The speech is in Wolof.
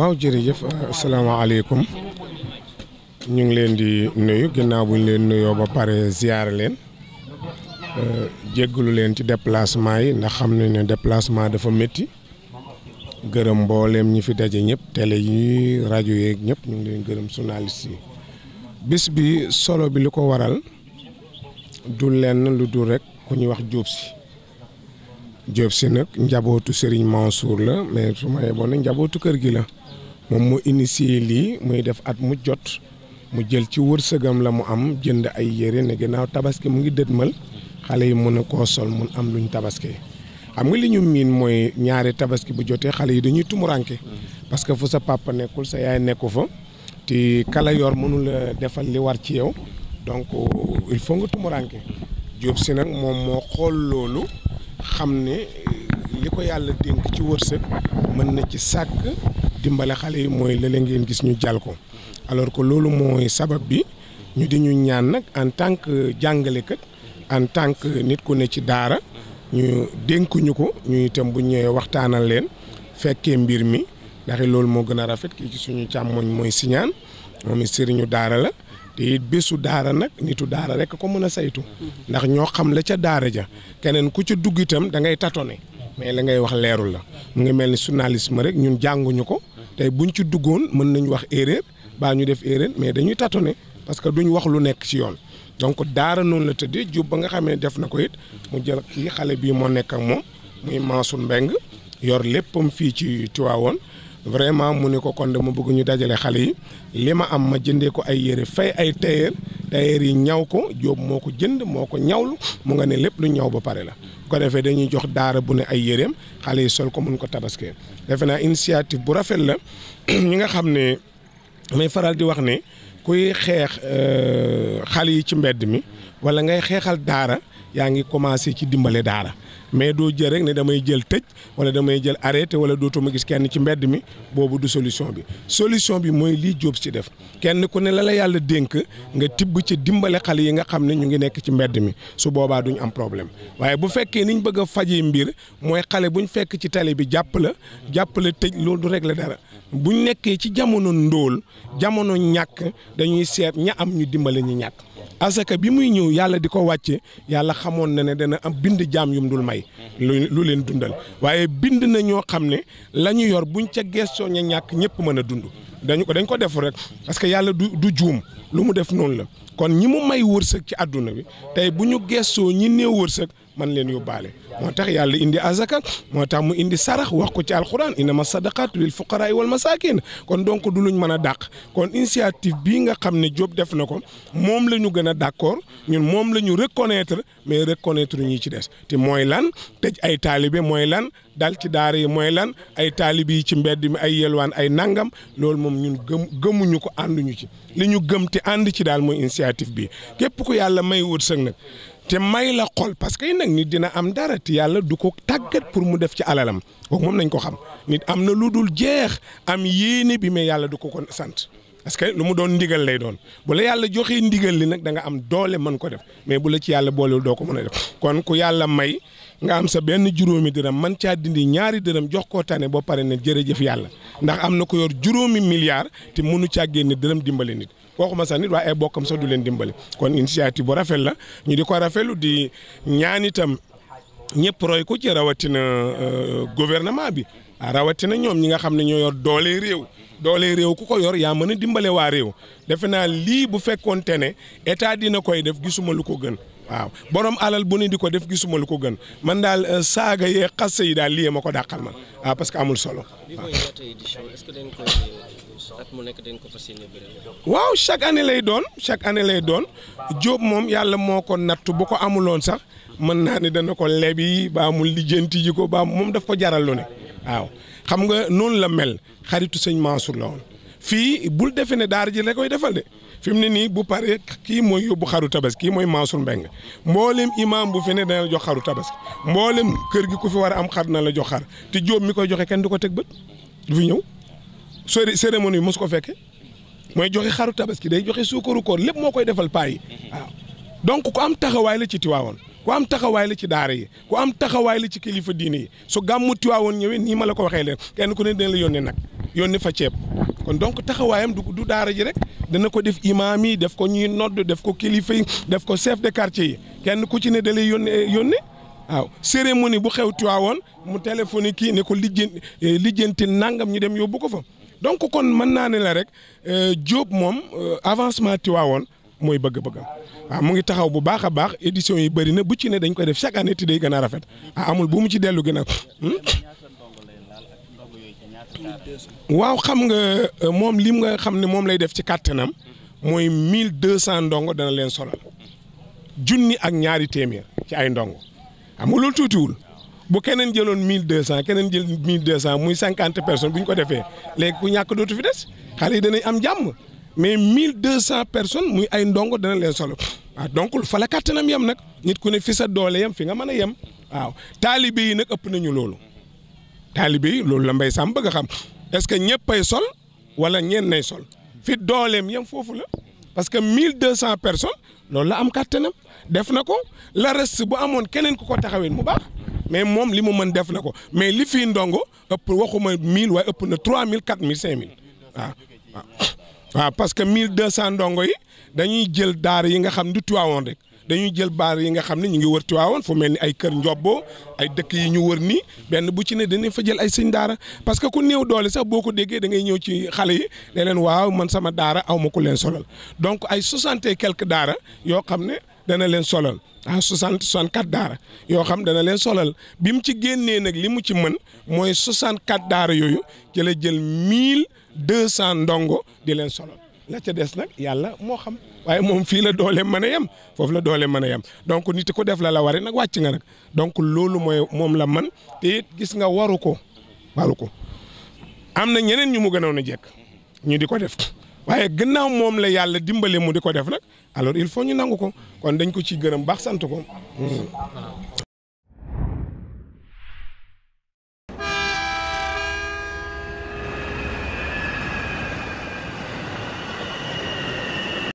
waaw jërëjëf asalaamaaleykum ñu ngi leen di nuyu ginnaaw bu ñu leen nuyoo ba pare ziar leen euh, jéggalu leen ci déplacement yi ndax xam nañu ne déplacement dafa métti gërëm mbooleem ñi fi daje ñëpp télé yi rajo yeeg ñëpp ñu ngi leen gërëm journaliste yi bis bi solo bi li ko waral du lenn lu dul rek ku ñuy wax Diop si jóob si nag njabootu Serigne Mansour la mais su ma yeboon nag njabootu kër gi la. moom moo initié lii muy def at mu jot mu jël ci wërsëgam la mu am jënd ay yére ne ginnaaw tabaski mu ngi mal xale yi mën a koo sol mun am luñ tabaski xam nga li ñu miin mooy ñaari tabaski bu jotee xale yi dañuy tumuranke parce que fu sa papa nekkul sa yaay nekku fa te kala yor mënula defal li war ci yow donc il faut nga tumuranke Jóob si nag moom moo xool loolu xam ne li ko yàlla dénk ci wërsëg mën na ci sàkk dimbale xale yi mooy lële ngeen gis ñu jal ko alors que loolu mooy sabab bi ñu di ñu ñaan nag en tant que jàngalekat en tant que nit ku ne ci daara ñu dénkuñu ko ñu itam bu ñëwee waxtaanal leen fekke mbir mi ndax loolu moo gën a rafet kii ci suñu càmmoñ mooy siñaan moom it sëriñu daara la te it bésu daara nag nitu daara rek ko mën a saytu ndax ñoo xam la ca daara ja keneen ku ca dugg itam da ngay tatone mais la ngay wax leerul la mu ngi mel ni journalisme rek ko tey buñ ci duggoon mën nañ wax erreur baa ñu def erreur mais dañuy tâtonner parce que duñ wax lu nekk ci yoon donc daara noonu la tëddee jub ba nga xamee def na ko it mu jël kii xale bii moo nekk ak moom muy Mansour Mbeng yor léppam fii ci Tiwaawoon vraiment mu ni ko kon dama bëgg ñu dajale xale yi li ma am ma jëndee ko ay yére fay ay tailleur d'ailleurs yi ñaw ko Jóob moo ko jënd moo ko ñawlu mu nga ne lépp lu ñaw ba pare la bu ko defee dañuy jox daara bu ne ay yéreem xale yi sol ko mun ko tabaskee defe naa initiative bu rafet la ñi nga xam ne may faral di wax ne kuy xeex euh, xale yi ci mbedd mi wala ngay xeexal daara yaa ngi commencé ci dimbale daara mais doo jël rek ne damay jël tëj wala damay jël arrêté wala dootuma gis kenn ci mbedd mi boobu du solution bi solution bi mooy lii Jóob ci def kenn ku ne la la yàlla dénk nga tibb ci dimbale xale yi nga xam ne ñu ngi nekk ci mbedd mi su boobaa duñ am problème waaye bu fekkee niñ bëgg a fajee mbir mooy xale buñ fekk ci tali bi jàpp la jàpp la tëj loolu du la dara buñ nekkee ci jamono ndóol jamono ñàkk dañuy seet ña am ñu dimbale ñu ñàkk parce que bi muy ñëw yàlla di ko wàcce yàlla xamoon na ne dana am bind jaam yum dul may lu leen dundal waaye bind na ñoo xam ne la ñu yor buñ ca gestoo ña ñàkk ñëpp mën a dund dañu ko dañ ko def rek parce que yàlla du du juum lu mu def noonu la kon ñi mu may wërsëg ci àdduna bi tey bu ñu gestoo ñi néew wërsëg man leen yóbbaale moo tax yàlla indi azaka moo tax mu indi sarax wax ko ci alquran innama sadaqatu lil fuqaraa wal masakin kon donc du luñ mën a dàq kon initiative bii nga xam ne Diop def na ko moom la ñu gën a d'accord ñun moom la ñu reconnaître mais reconnaître ñi ci des ti mooy lan tëj ay taalibe mooy lan dal ci daar yi mooy lan ay taalibe yi ci mbedd mi ay yelwaan ay nangam loolu moom ñun gëm gëmuñu ko ànduñu ci li ñu gëm te ànd ci daal mooy initiative bi képp ku yàlla may wërsëg nag te may la xol parce que nag nit dina am dara te yàlla du ko tàggat pour mu def ci alalam oo moom nañ ko xam nit am na lu dul jeex am yéene bi mais yàlla du ko ko sant parce que lu mu doon ndigal lay doon bu la yàlla joxee ndigal li nag da nga am doole mën ko def mais bu la ci yàlla boole doo ko mën a def kon ku yàlla may. nga am sa benn juróomi dërëm man caa dindi ñaari dërëm jox ko tane boo pare ne jërëjëf yàlla ndax am na ko yor juróomi milliard te mënu caa génne dërëm dimbale nit waxuma sax nit waaye ay bokkam sax du leen dimbale kon initiative bu rafet la ñu di ko rafetlu di ñaan itam ñëpp roy ko ci rawatina euh, gouvernement bi rawatina ñoom ñi nga xam ne ñoo yor doole réew doole réew ku ko yor yaa mën a dimbale waa réew defe naa lii bu fekkoonte ne état dina koy def gisuma lu ko gën waaw borom alal bu ne di ko def gisuma lu ko gën man daal euh, saaga yee xase yi daal lii ma ko dàqal man waaw parce que amul solo waaw chaque année lay doon chaque année lay doon Diop moom yàlla moo ko nattu bu ko amuloon sax mën naa ne dana ko lebi baa mu lijjanti ji ko baa moom daf ko jaral lu ne waaw xam nga noonu la mel xaritu sëñ Mansour la woon fii bul defe ne daara ji la koy defal de fi mu ne nii bu paree kii mooy yóbbu xaru tabaski kii mooy Mansour Mbeng mboolem imaam bu fi ne dana la jox xaru tabaski mboolem kër gi ku fi war a am xar na la jox xar te jóom mi koy joxe kenn du ko teg bët du fi ñëw sori cérémonie bi mos ko fekke mooy joxe xaru tabaski day joxe suukaru koor lépp moo koy defal paa yi waaw donc ku am taxawaay la ci Tiwaawoon ku am taxawaay la ci daara yi ku am taxawaay la ci kilifa diine yi su gàmmu Tiwaawoon ñëwee nii ma la ko waxee leen kenn ku ne dina la nag yónnee fa ceeb. kon donc taxawaayam du du daara ji rek dana ko def imaam yi def ko ñuy nodd def ko kilifa yi def ko chef de quartier yi kenn ku ci ne da lay yónnee yónnee waaw cérémonie bu xew Tiwaawoon mu téléphoné kii ne ko lijjanti eh, lijjanti nangam ñu dem yóbbu ko fa. donc kon mën naa ne la rek eh, Diop moom eh, avancement woon mooy bëgg-bëggam waaw mu ngi taxaw bu baax a baax édition yi bëri na bu ci ne dañ koy def chaque année te day gën a rafet ah amul bu mu ci dellu gën a hmm? waaw xam nga euh, moom lim nga xam ne moom lay def ci kàttanam mooy mille deux cent ndongo dana leen solal junni ak ñaari téeméer ci ay ndongo xam nga tuuti wul bu keneen jëloon mille deux cent keneen jël mille deux cent muy cinquante personnes bu ñu ko defee léegi ku ñàkk dootu fi des xale yi am jàmm mais mille deux cent personnes muy ay ndongo dana leen solo waaw ah, donc fa la kàttanam yem nag nit ku ne fi sa doole yem fi nga mën a yem waaw taalibe yi nag ëpp nañu loolu. taalibe yi loolu la Mbaye Samb bëgg a xam est-ce que ñëppay sol wala ñeen nay sol fi dooleem yam foofu la parce que mille deux cent personnes loolu la am kàttanam def na ko la reste bu amoon keneen ku ko taxawee mu baax mais moom li mu mën def na ko mais li fii ndongo ëpp waxuma mille waaye ëpp na trois mille quatre mille cinq mille waaw parce que mille deux cent ndongo yi dañuy jël daara yi nga xam du waawoon rek dañuy jël baar yi nga xam ne ñu ngi wër Tiwaawoon fu mel ni ay kër njobbo ay dëkk yi ñu wër nii benn bu ci ne danañ fa jël ay sëñ daara parce que ku néew doole sax boo ko déggee da ngay ñëw ci xale yi ne leen waaw man sama daara aw ma ku leen solal donc ay soixante quelques daara yoo xam ne dana leen solal ah soixante soixante quatre daara yoo xam dana leen solal bi mu ci génnee nag li mu ci mën mooy soixante quatre daara yooyu ci jël mille deux cent ndongo di leen solal. la ca des nag yàlla moo xam waaye moom fii la doole mën a yem foofu la doole mën a yem donc nit ko def la la wari nag wàcc nga nag donc loolu mooy moom la man te gis nga waru ko waru ko am na ñeneen ñu mu gënoon a jekk ñu di ko def waaye gannaaw moom la yàlla dimbale mu di ko def nag alors il faut ñu nangu ko kon dañ ko ci gërëm baax sant ko.